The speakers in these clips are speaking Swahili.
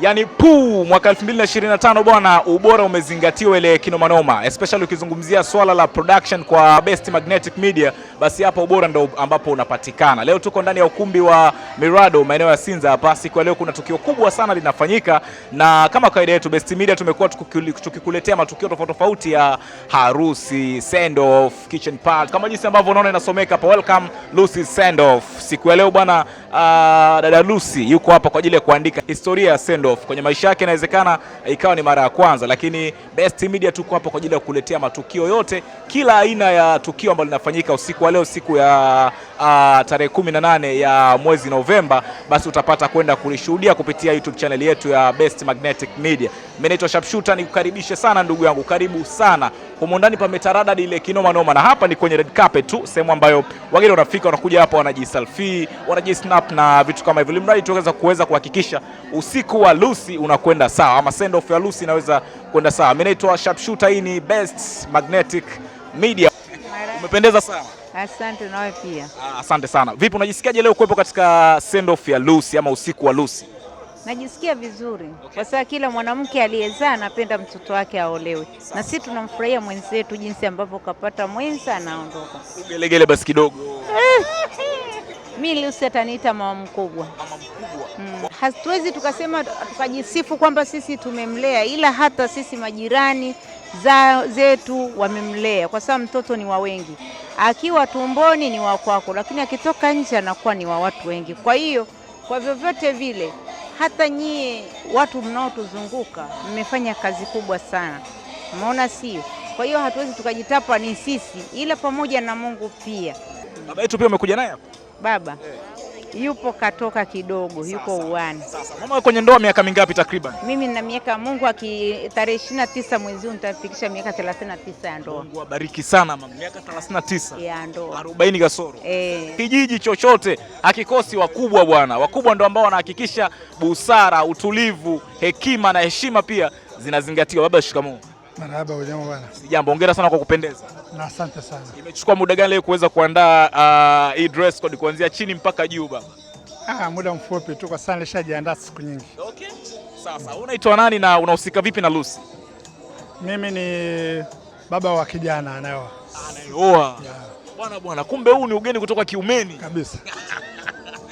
yani puu mwaka 2025 bwana, ubora umezingatiwa ile kinomanoma, especially ukizungumzia swala la production kwa Best Magnetic Media, basi hapa ubora ndo ambapo unapatikana. Leo tuko ndani ya ukumbi wa Mirado maeneo ya Sinza hapa. Siku ya leo kuna tukio kubwa sana linafanyika, na kama kawaida yetu Best Media tumekuwa tukikuletea matukio tofauti tofauti ya harusi, send off, kitchen party, kama jinsi ambavyo unaona inasomeka hapa, welcome Lucy send off. Siku ya leo bwana, uh, dada Lucy yuko hapa kwa ajili ya kuandika historia ya send off Rudolph. Kwenye maisha yake inawezekana ikawa ni mara ya kwanza, lakini Best Media tuko hapa kwa ajili ya kuletea matukio yote, kila aina ya tukio ambalo linafanyika usiku wa leo, siku ya uh, tarehe 18 ya mwezi Novemba, basi utapata kwenda kulishuhudia kupitia YouTube channel yetu ya Best Magnetic Media. Mimi naitwa Shapshuta, nikukaribishe sana ndugu yangu, karibu sana humo ndani pametaradadi ile kinoma noma, na hapa ni kwenye red carpet tu, sehemu ambayo wageni wanafika wanakuja hapa wanajiselfie, wanajisnap na vitu kama hivyo, limradi tuweza kuweza kuhakikisha usiku wa Lucy unakwenda sawa, ama send off ya Lucy inaweza kwenda sawa. Mimi naitwa Shooter, hii ni Best Magnetic Media. Umependeza sana. Asante nawe pia. Ah, asante sana. Vipi, unajisikiaje leo kuwepo katika send off ya Lucy ama usiku wa Lucy? najisikia vizuri okay. Kwa sababu kila mwanamke aliyezaa anapenda mtoto wake aolewe, na sisi tunamfurahia mwenzetu jinsi ambavyo kapata mwenza anaondoka. Gelegele basi kidogo mi Lucy ataniita mama mkubwa, mama mkubwa. Mm. Hatuwezi tukasema tukajisifu kwamba sisi tumemlea, ila hata sisi majirani za zetu wamemlea, kwa sababu mtoto ni wa wengi. Akiwa tumboni ni wa kwako, lakini akitoka nje anakuwa ni wa watu wengi. Kwa hiyo kwa vyovyote vile hata nyie watu mnaotuzunguka mmefanya kazi kubwa sana, umeona sio? Kwa hiyo hatuwezi tukajitapa ni sisi, ila pamoja na Mungu pia. Baba yetu pia umekuja naye hapa baba, yeah. Yupo katoka kidogo, yuko uani. Mama, kwenye ndoa miaka mingapi takriban? Mimi na miaka Mungu aki tarehe ishirini na tisa mwezi huu nitafikisha miaka 39 ya ndoa. Mungu abariki sana mama, miaka 39 ya ndoa, arobaini kasoro e. Kijiji chochote hakikosi wakubwa bwana, wakubwa ndo ambao wanahakikisha busara, utulivu, hekima na heshima pia zinazingatiwa. Baba, shikamoo. Marahaba, hujambo bwana? Sijambo. Hongera sana kwa kupendeza. Na asante sana. Imechukua muda gani leo kuweza kuandaa ah, hii dress code kuanzia chini mpaka juu baba? Ah, muda mfupi tu kwa sana nishajiandaa siku nyingi. Okay. Sasa unaitwa nani na unahusika vipi na Lucy? Mimi ni baba wa kijana anayeoa. Anayeoa. Bwana bwana, kumbe huu ni ugeni kutoka kiumeni. Kabisa.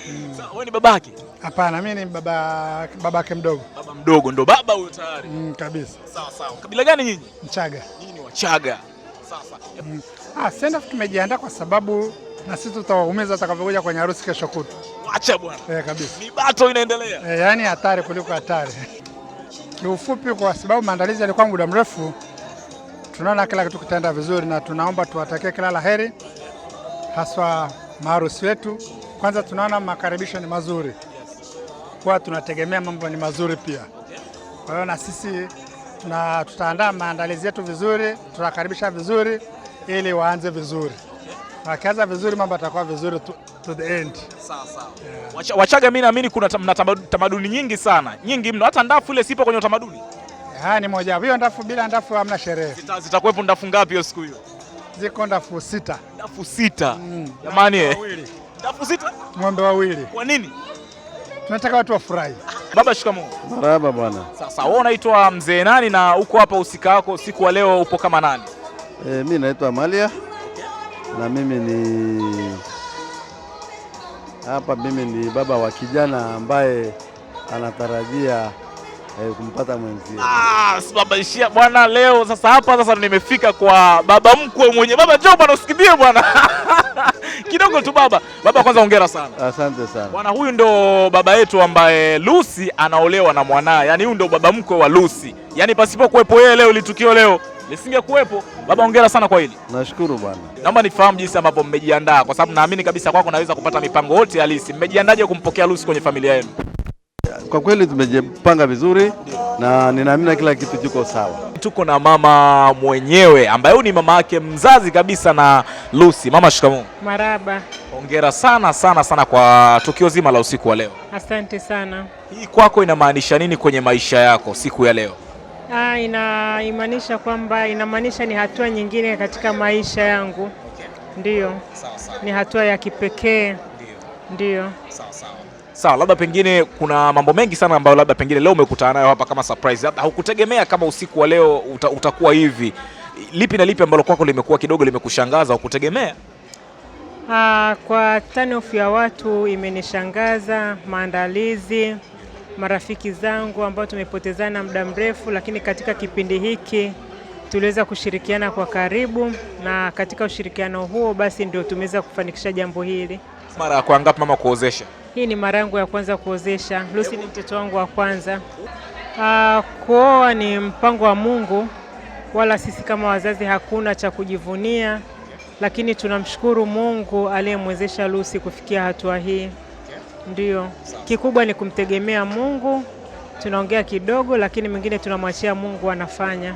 Mm. Sasa wewe ni babake? Hapana, mimi ni baba babake mdogo. Baba mdogo ndo baba huyo tayari. Mm, kabisa. Sawa sawa. Kabila gani nyinyi? Mchaga. Nyinyi ni Wachaga. Sasa. Mm. Ah, sasa tumejiandaa kwa sababu na sisi tutawaumiza atakavyokuja kwenye harusi kesho kutu. Acha bwana. Eh, kabisa. Ni bato inaendelea. Eh, yani hatari kuliko hatari. Kiufupi, kwa sababu maandalizi yalikuwa muda mrefu, tunaona kila kitu kitaenda vizuri na tunaomba tuwatakie kila la heri haswa maharusi wetu. Kwanza tunaona makaribisho ni mazuri kwa tunategemea mambo ni mazuri pia. Kwa hiyo na sisi tuna tutaandaa maandalizi yetu vizuri, tutakaribisha vizuri ili waanze vizuri. Wakianza vizuri mambo yatakuwa vizuri tu, to the end. Sawa sawa. Wachaga mimi naamini kuna tamaduni nyingi sana nyingi mno, hata ndafu ile sipo kwenye utamaduni. Ha, ni moja hiyo ndafu. Bila ndafu hamna sherehe. Zitakuwepo ndafu ngapi hiyo siku hiyo? Ziko ndafu sita. Ndafu sita. Mm. Jamani, mm. Ndafu sita? Ng'ombe wawili. Kwa nini? tunataka watu wafurahi. Baba, shikamoo. Marhaba bwana. Sasa wewe unaitwa mzee nani na uko hapa usika wako siku wa leo upo kama nani? E, eh, mimi naitwa malia na mimi ni hapa, mimi ni baba wa kijana ambaye anatarajia Eh, kumpata mwenzie. Ah, sibabaishia bwana leo sasa hapa sasa nimefika kwa baba mkwe mwenye. Baba njoo bwana usikibie bwana. Kidogo tu baba. Baba kwanza hongera sana. Asante sana. Bwana huyu ndo baba yetu ambaye Lucy anaolewa na mwanae. Yaani huyu ndo baba mkwe wa Lucy. Yaani pasipo kuwepo yeye leo litukio leo kuwepo Baba hongera sana kwa hili. Nashukuru bwana. Naomba nifahamu jinsi ambavyo mmejiandaa kwa sababu naamini kabisa kwako naweza kupata mipango yote halisi. Mmejiandaje kumpokea Lucy kwenye familia yenu? Kwa kweli tumejipanga vizuri na ninaamini kila kitu kiko sawa. Tuko na mama mwenyewe ambaye huyu ni mama yake mzazi kabisa na Lucy. Mama, shikamoo. Maraba. Hongera sana sana sana kwa tukio zima la usiku wa leo. Asante sana. Hii kwako inamaanisha nini kwenye maisha yako siku ya leo? Ah, inaimaanisha kwamba inamaanisha ni hatua nyingine katika maisha yangu. Okay. Ndiyo. Sawa sawa. Ni hatua ya kipekee. Ndiyo. Ndiyo. Sawa sawa. Sawa, labda pengine kuna mambo mengi sana ambayo labda pengine leo umekutana nayo hapa kama surprise, labda haukutegemea kama usiku wa leo uta, utakuwa hivi. Lipi na lipi ambalo kwako limekuwa kidogo limekushangaza au kutegemea? Aa, ah, kwa turnoff ya watu imenishangaza, maandalizi, marafiki zangu ambao tumepotezana muda mrefu, lakini katika kipindi hiki tuliweza kushirikiana kwa karibu, na katika ushirikiano huo basi ndio tumeweza kufanikisha jambo hili. Mara ya kwa ngapi mama kuozesha? Hii ni mara yangu ya kwanza kuozesha. Lucy ni mtoto wangu wa kwanza. Uh, kuoa ni mpango wa Mungu, wala sisi kama wazazi hakuna cha kujivunia, lakini tunamshukuru Mungu aliyemwezesha Lucy kufikia hatua hii. ndio kikubwa ni kumtegemea Mungu. Tunaongea kidogo, lakini mwingine tunamwachia Mungu anafanya.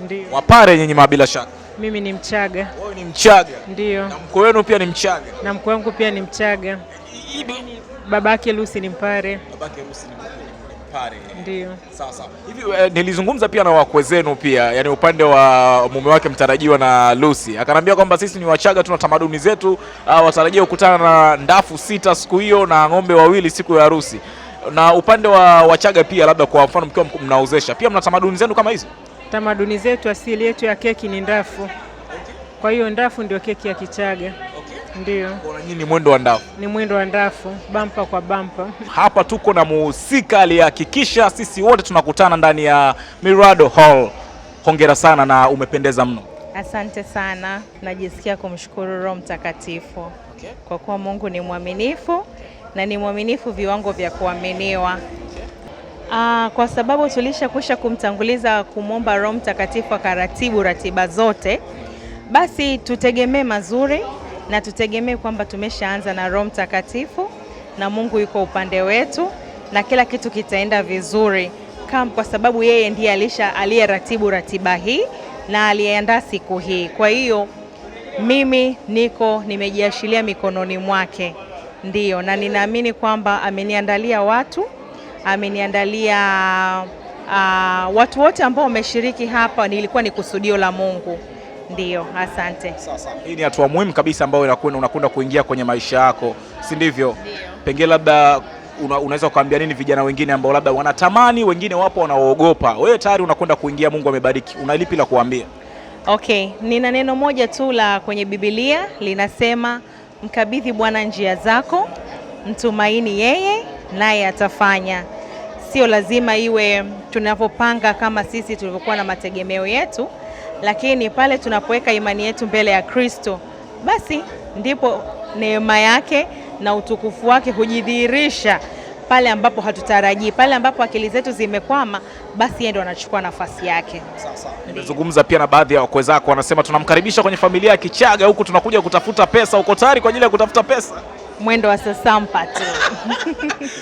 Ndio. Wapare nyinyi bila shaka. Mimi ni Mchaga. Wewe ni Mchaga? Ndio. Na mkwe wenu pia ni Mchaga? Na mkwe wangu pia ni Mchaga. Babake Lucy ni Mpare. Babake Lucy ni Mpare. Ndio. Sawa sawa. Hivi eh, nilizungumza pia na wakwe zenu pia, yani upande wa mume wake mtarajiwa na Lucy. Akanambia kwamba sisi ni Wachaga tuna tamaduni zetu, uh, watarajia kukutana na ndafu sita siku hiyo na ng'ombe wawili siku ya harusi. Na upande wa Wachaga pia labda kwa mfano mkiwa mnaozesha pia mna tamaduni zenu kama hizo? Tamaduni zetu, asili yetu ya keki ni ndafu, kwa hiyo ndafu ndio keki ya Kichaga. Ndio. Kwa nini ni mwendo wa ndafu? Ni mwendo wa ndafu, bampa kwa bampa. Hapa tuko na muhusika aliyehakikisha sisi wote tunakutana ndani ya Mirado Hall. Hongera sana na umependeza mno. Asante sana, najisikia kumshukuru Roho Mtakatifu, okay, kwa kuwa Mungu ni mwaminifu na ni mwaminifu viwango vya kuaminiwa. Aa, ah, kwa sababu tulishakwisha kumtanguliza kumwomba Roho Mtakatifu akaratibu ratiba zote, basi tutegemee mazuri na tutegemee kwamba tumeshaanza na Roho Mtakatifu na Mungu yuko upande wetu na kila kitu kitaenda vizuri kam, kwa sababu yeye ndiye alisha aliyeratibu ratiba hii na aliyeandaa siku hii. Kwa hiyo mimi niko nimejiashiria mikononi mwake, ndiyo, na ninaamini kwamba ameniandalia watu ameniandalia uh, watu wote ambao wameshiriki hapa, nilikuwa ni kusudio la Mungu. ndio asante. Sasa hii ni hatua muhimu kabisa ambayo unakwenda kuingia kwenye maisha yako, si ndivyo? Pengine labda una, unaweza ukaambia nini vijana wengine ambao labda wanatamani, wengine wapo wanaoogopa, wewe tayari unakwenda kuingia, Mungu amebariki, lipi la kuambia? Okay, nina neno moja tu la kwenye Biblia linasema, mkabidhi Bwana njia zako, mtumaini yeye naye atafanya. Sio lazima iwe tunavyopanga kama sisi tulivyokuwa na mategemeo yetu, lakini pale tunapoweka imani yetu mbele ya Kristo, basi ndipo neema yake na utukufu wake hujidhihirisha pale ambapo hatutarajii, pale ambapo akili zetu zimekwama, basi yeye ndo anachukua nafasi yake. Sasa nimezungumza pia na baadhi ya wakwe zako, wanasema tunamkaribisha kwenye familia ya Kichaga, huku tunakuja kutafuta pesa. Uko tayari kwa ajili ya kutafuta pesa? mwendo wa sasampa tu